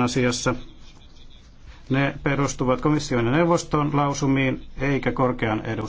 asiassa. Ne perustuvat komission ja neuvoston lausumiin eikä korkean edustajan.